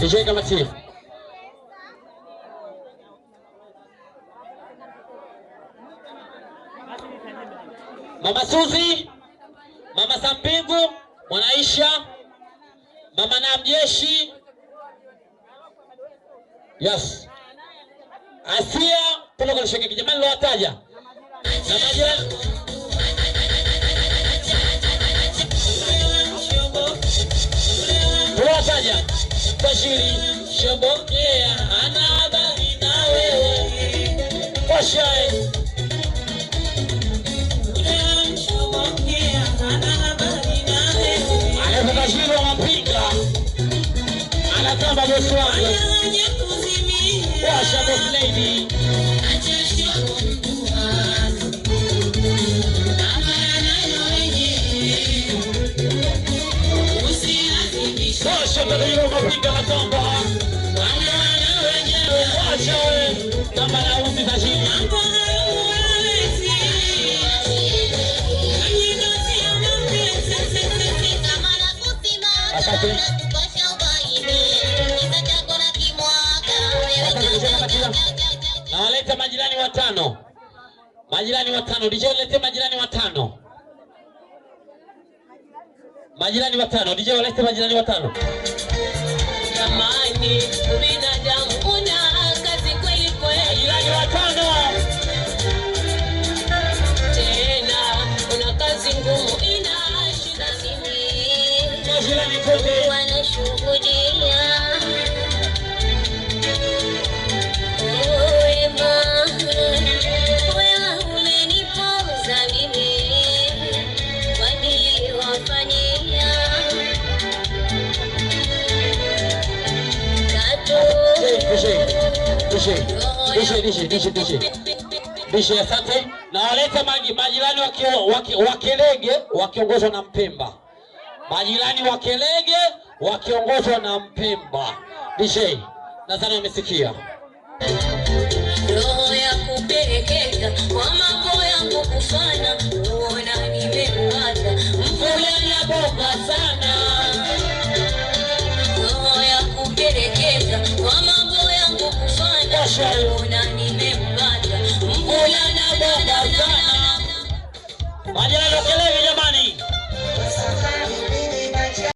DJ Galati. Mama Suzi, Mama Sampingu, Mwanaisha, Mama Namjeshi. Yes. Asia, pole kwa shekeki. Jamani, lowataja. Na majirani. Bashiri Shobokea ana habari na wewe Koshae Bashiri wanapiga anatamba Botswana washa Boslady kesho tatakiwa matombo. wachawe kama lauzi za shina Nawaleta majirani watano, majirani watano, dijolete majirani watano. Majirani watano, DJ walete majirani watano. Jamani, binadamu una kazi kweli kweli. Majirani watano. Tena una kazi ngumu, ina shida mimi. Majirani kote wanashuhudia Dishi, dishi, dishi, dishi, dishi. Dishe, asante. Na walete maji, majirani wakelege wakiongozwa na Mpemba. Majirani wakelege wakiongozwa na Mpemba. Dishi, nadhani wamesikia. Roho ya kupelekeka kwa mambo yangu kufanya shame.